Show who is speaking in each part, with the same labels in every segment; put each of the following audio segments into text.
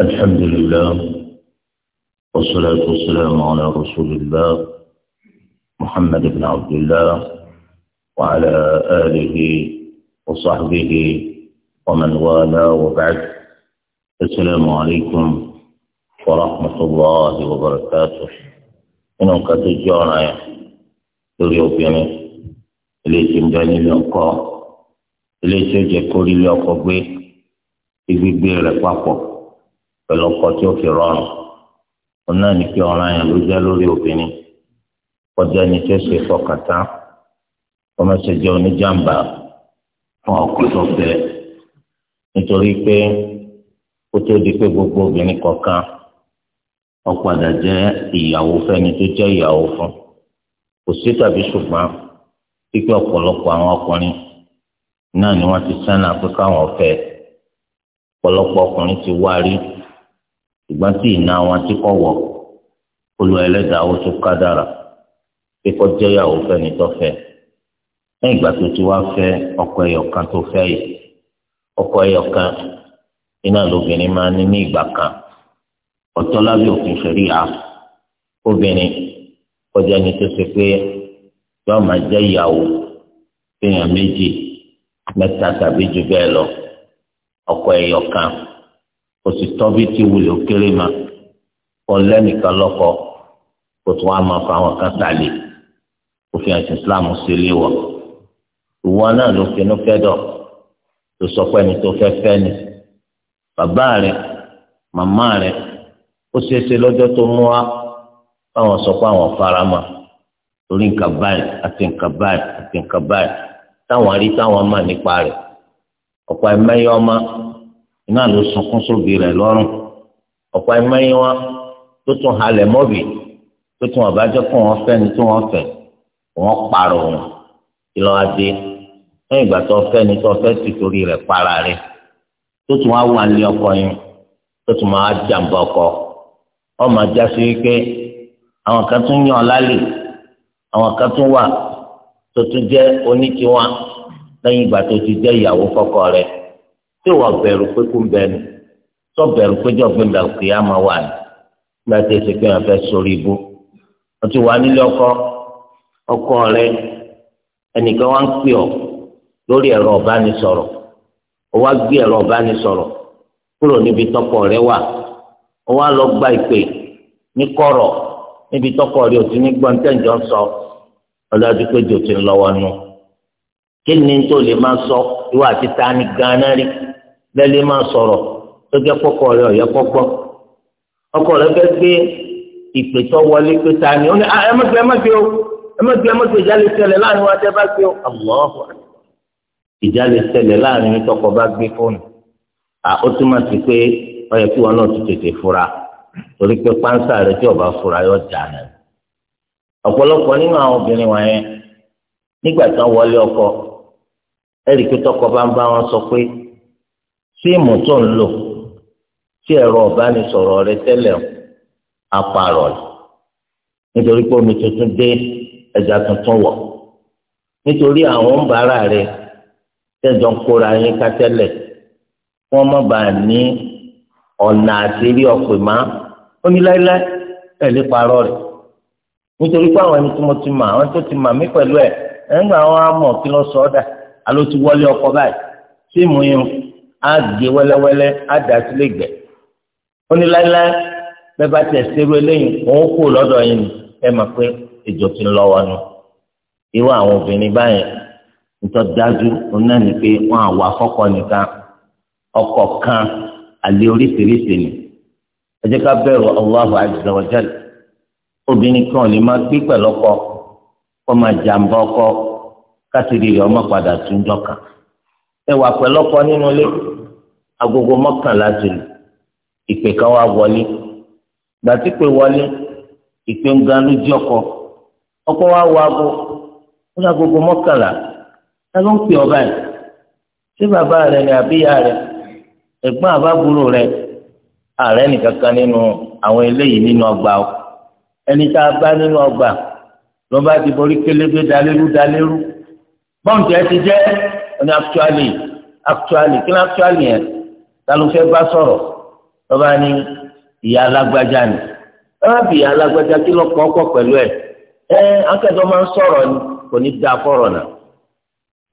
Speaker 1: الحمد لله والصلاة والسلام على رسول الله محمد بن عبد الله وعلى آله وصحبه ومن والاه وبعد السلام عليكم ورحمة الله وبركاته إن قد جانا اليوم إليه تنبني الأقوى إليه تجي كل gbígbé rẹ̀ papọ̀ pẹ̀lú ọkọ tí ó fi rọrùn òun náà ní kí ọ̀ràn yẹn ló jẹ́ lórí obìnrin kọjá ẹni tó ṣe fọkàtà kọ́mẹ́sẹ̀ jẹ́ oníjàmbá fún ọkọ tó fẹ́ nítorí pé kó tó di pé gbogbo obìnrin kọ̀ọ̀kan ọ̀padà jẹ́ ìyàwó fẹ́ni tó jẹ́ ìyàwó fún kò sí tàbí ṣùgbọ́n pípẹ́ ọ̀pọ̀lọpọ̀ àwọn ọkùnrin náà ni wọ́n ti sánà pé káwọn fẹ́ ọ̀pọ̀lọpọ̀ ọkùnrin ti wá rí ṣùgbọ́n tí ìná wọn ti kọ̀ wọ̀ olú ẹlẹ́dàá ó tún kádàrà pé kọjá ìyàwó fẹ́ni tó fẹ́ lẹ́yìn ìgbà tó ti wá fẹ́ ọkọ ẹyọkan tó fẹ́ yìí ọkọ ẹyọkan iná lóbìnrin máa ní ní ìgbà kan ọ̀tọ̀ lábẹ́ òfin ṣẹ̀rí à obìnrin kọjá ni tó ṣe pé yóò máa jẹ́ ìyàwó fẹ́yàn méjì mẹ́ta tàbí jù bẹ́ẹ̀ lọ. ọkọ ẹyọ kan kò sì ma kọ lẹ́nìkan lọ́kọ kò tún wá máa fa àwọn kan sàlè òfin àti Islam ṣe ụwa wọ ìwọ náà ló finú fẹ́dọ̀ tó sọ pé ẹni tó fẹ́ fẹ́ ni bàbá rẹ màmá rẹ ó ṣeé ṣe lọ́jọ́ tó mú wa báwọn sọ pé àwọn fara mọ́ ọ̀pọ̀ ẹ̀mẹ́yẹ ọmọ iná ló sunkún sóbì rẹ̀ lọ́rùn ọ̀pọ̀ ẹ̀mẹ́yẹ wọn tó tún halẹ̀ mọ́bì tó tún ọ̀bájọ́ kó wọn fẹ́ ni tó wọn fẹ́ wọn pààrọ̀ wọn ìlọ adé lẹ́yìn ìgbà tó fẹ́ ni tó fẹ́ sì torí rẹ̀ para rẹ̀ tó tún wá wà ní ọkọ yẹn tó tún máa jàǹbá ọkọ ọmọ ajá sí wípé àwọn kan tún yàn lálẹ́ àwọn kan tún wà tó tún jẹ́ onítiwọn lẹ́yìn ìgbà tó ti jẹ́ ìyàwó fọ́kọ rẹ̀ tí wọ́n bẹ̀rù pé kú bẹ̀rù tó bẹ̀rù péjọ gbẹ̀dà òkè á máa wà ní ìgbà tí èsì pé wọ́n fẹ́ sórí ibú wọ́n ti wà nílé ọkọ ọkọ rẹ̀ ẹnìkan wá ń pè ọ́ lórí ẹ̀rọ ọ̀bánisọ̀rọ̀ ó wá gbé ẹ̀rọ ọ̀bánisọ̀rọ̀ kúrò níbi tọkọ rẹ̀ wà ó wá lọ gba ìpè ní kọ̀rọ̀ níbi tọkọ rẹ̀ ò ti ní gbọ́ntẹ́ǹjọ́ sọ ọlọ́dún kí ni tó lè máa sọ ìwà àti tani ganan rí lẹ́lẹ́ máa sọ̀rọ̀ tó jẹ́ kọ́kọ́ rẹ ọ̀yẹ́ kọ́kọ́ ọkọ rẹ fẹ́ gbé ìpètọ́ wọlé pé tani ó ní ah, ẹ má gbé ẹ má gbé o ẹ má gbé ẹ má gbé ìjálè ṣẹlẹ̀ láàrin wa tẹ́ bá gbé o Allahu ìjálè ṣẹlẹ̀ láàrin tọkọ bá gbé fóònù à ó túmọ̀ sí pé ọyẹ kí wọn náà ti tètè fura torí pé pánsá rẹ tí ọba fura yóò jà náà ọ̀pọ̀lọpọ̀ nínú àwọn obìnrin wọ̀nyẹn nígbà tí wọ́n wọlé ọkọ ẹ̀rí pé tọkọ bá ń bá wọn sọ pé síìmù tó ń lò tí ẹ̀rọ ọ̀bánisọ̀rọ̀ rẹ tẹ́lẹ̀ apààrọ̀ rẹ̀ nítorí pé omi tuntun dé ẹja tuntun wọ̀ nítorí àwọn ń bára rẹ tẹ̀jọ́ ń kóra yín ká wọ́n má bàa ní ọ̀nà àṣírí ọ̀pẹ̀ má ó ní láéláé tẹ̀lé parọ́ rẹ̀ nítorí pé àwọn ẹni tí mo ti mọ̀ àwọn tó ti mọ̀ mí pẹ̀lú ẹ̀ ẹ̀ ń gbà wọn á mọ̀ kí ló sọ ọ́ dà alo ti wọlé ọkọ báyìí síìmù yìí á gé wẹ́lẹ́wẹ́lẹ́ á dà sí lẹ́gbẹ̀ ó ní láéláé bẹ́ẹ̀ bá tẹ̀ sẹ́rú eléyìí òun kò lọ́dọ̀ yìí ni ẹ mọ̀ pé ìjọ ti ń lọ wọnú irú àwọn obìnrin báyìí nítorí dájú òun ni pé wọn àwọn afọ́kọ nìkan ọkọ kan àlè oríṣiríṣi ni ẹ ká bẹ̀rù Allahu azza wa jalla obìnrin kan ò lè máa gbé pẹ̀lú ọkọ kó máa jàǹbá ọkọ kátìrì rẹ̀ ọmọ padà tún jọkàn ẹ wà pẹ̀lọ́kọ nínú ilé agogo mọ́kànlá ti lù ìpè kan wá wọlé gbàtí pé wọlé ìpè ń gan lójú ọkọ ọkọ wa wọ abo ó ní agogo mọ́kànlá ẹ ló ń pè ọba yìí ṣé bàbá rẹ ni àbíyá rẹ ẹ̀gbọ́n àbábúrò rẹ ààrẹ nìkankan nínú àwọn eléyìí nínú ọgbà o ẹni tá a bá nínú ọgbà ló bá ti borí kélébé dalérú dalérú bọ́ǹtì ẹ ti jẹ́ ọ̀nà actually actually kí ni actually yẹn ta ló fẹ́ bá sọ̀rọ̀ lọ́ba ní ìyá alágbájá ni lọ́ba bí ìyá alágbájá kí ló kọ́ ọkọ̀ pẹ̀lú ẹ̀ ẹ akẹ́kọ̀ọ́ máa ń sọ̀rọ̀ ni kò ní da fọ̀rọ̀ náà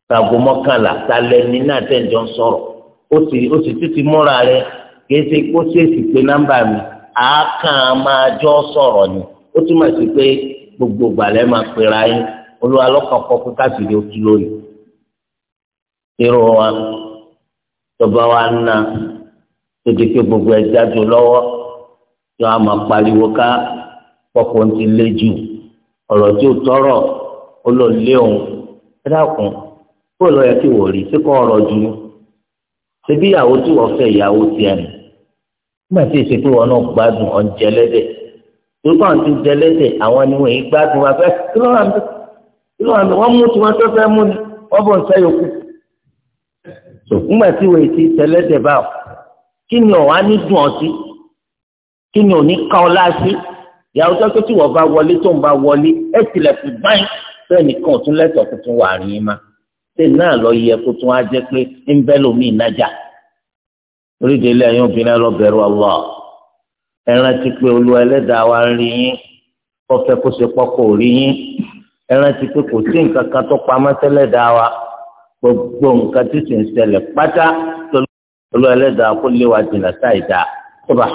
Speaker 1: tàgò mọ́kànlá talẹ̀ ní náà tẹ̀jọ́ ń sọ̀rọ̀ ó sì ó sì títí múra rẹ kìí ṣe kó ṣèèṣì pé nọ́mbà mi àákàn máa jọ sọ̀rọ̀ ni ó túmọ̀ sí pé gbogbo gbàlẹ́ máa pera yín olúwa lọ́kàn kọ́ kó káàkiri ó tú lónìí. irun wa tọba wa ná tètè pé gbogbo ẹ̀ jáde lọ́wọ́ tí wọ́n á máa pariwo ká pọ̀pọ̀ ti lé jù ọ̀rọ̀ tí ó tọrọ ó lọ lé òun ẹ dákun kó lọ yẹ kí wò rí sí kó jù ṣe bí ìyàwó tí wọ́n fẹ́ ìyàwó tiẹ̀ nù nígbà tí èsì wọn náà gbádùn ọ̀njẹ́lẹ́dẹ̀ tó kàn ti jẹ́lẹ́dẹ̀ àwọn ni wọ́n gbádùn wa fẹ́ kí ló wà inú àná wọ́n mú tiwọn tó fẹ́ mú ni wọ́n bọ̀ ń sẹ́ yòókù. ńgbà tí wòye ti tẹ̀lẹ́dẹ̀ bá ọ kí ni ọ̀ wá ní dùn ọ sí kí ni ò ní ká ọ láàṣì ìyàwó sọ́kẹ́ tí wọ́n bá wọlé tó ń bá wọlé ẹ̀ tilẹ̀kùn báyìí bẹ́ẹ̀ nìkan tún lẹ́tọ̀ọ́ kó wà á rìn má ṣé náà lọ yẹ kó tún á jẹ́ pé ń bẹ́ lómi ìnájà oríṣi ilé ẹ̀yin obìnrin lọ bẹ̀rù ọlọ́ ẹran pé olú ẹlẹ́dàá wa ń rí yín kó kó ṣe pọ́kọ̀ rí yín ẹ rántí pé kò sí nǹkan kan tó pamọ́ tẹ́lẹ̀ dá wa gbogbo nǹkan tí sì ń ṣẹlẹ̀ pátá tó lọ ẹlẹ́dàá kó lé wa jìnnà sáì dáa.